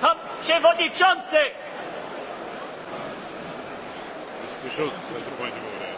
Pan przewodniczący! Jest to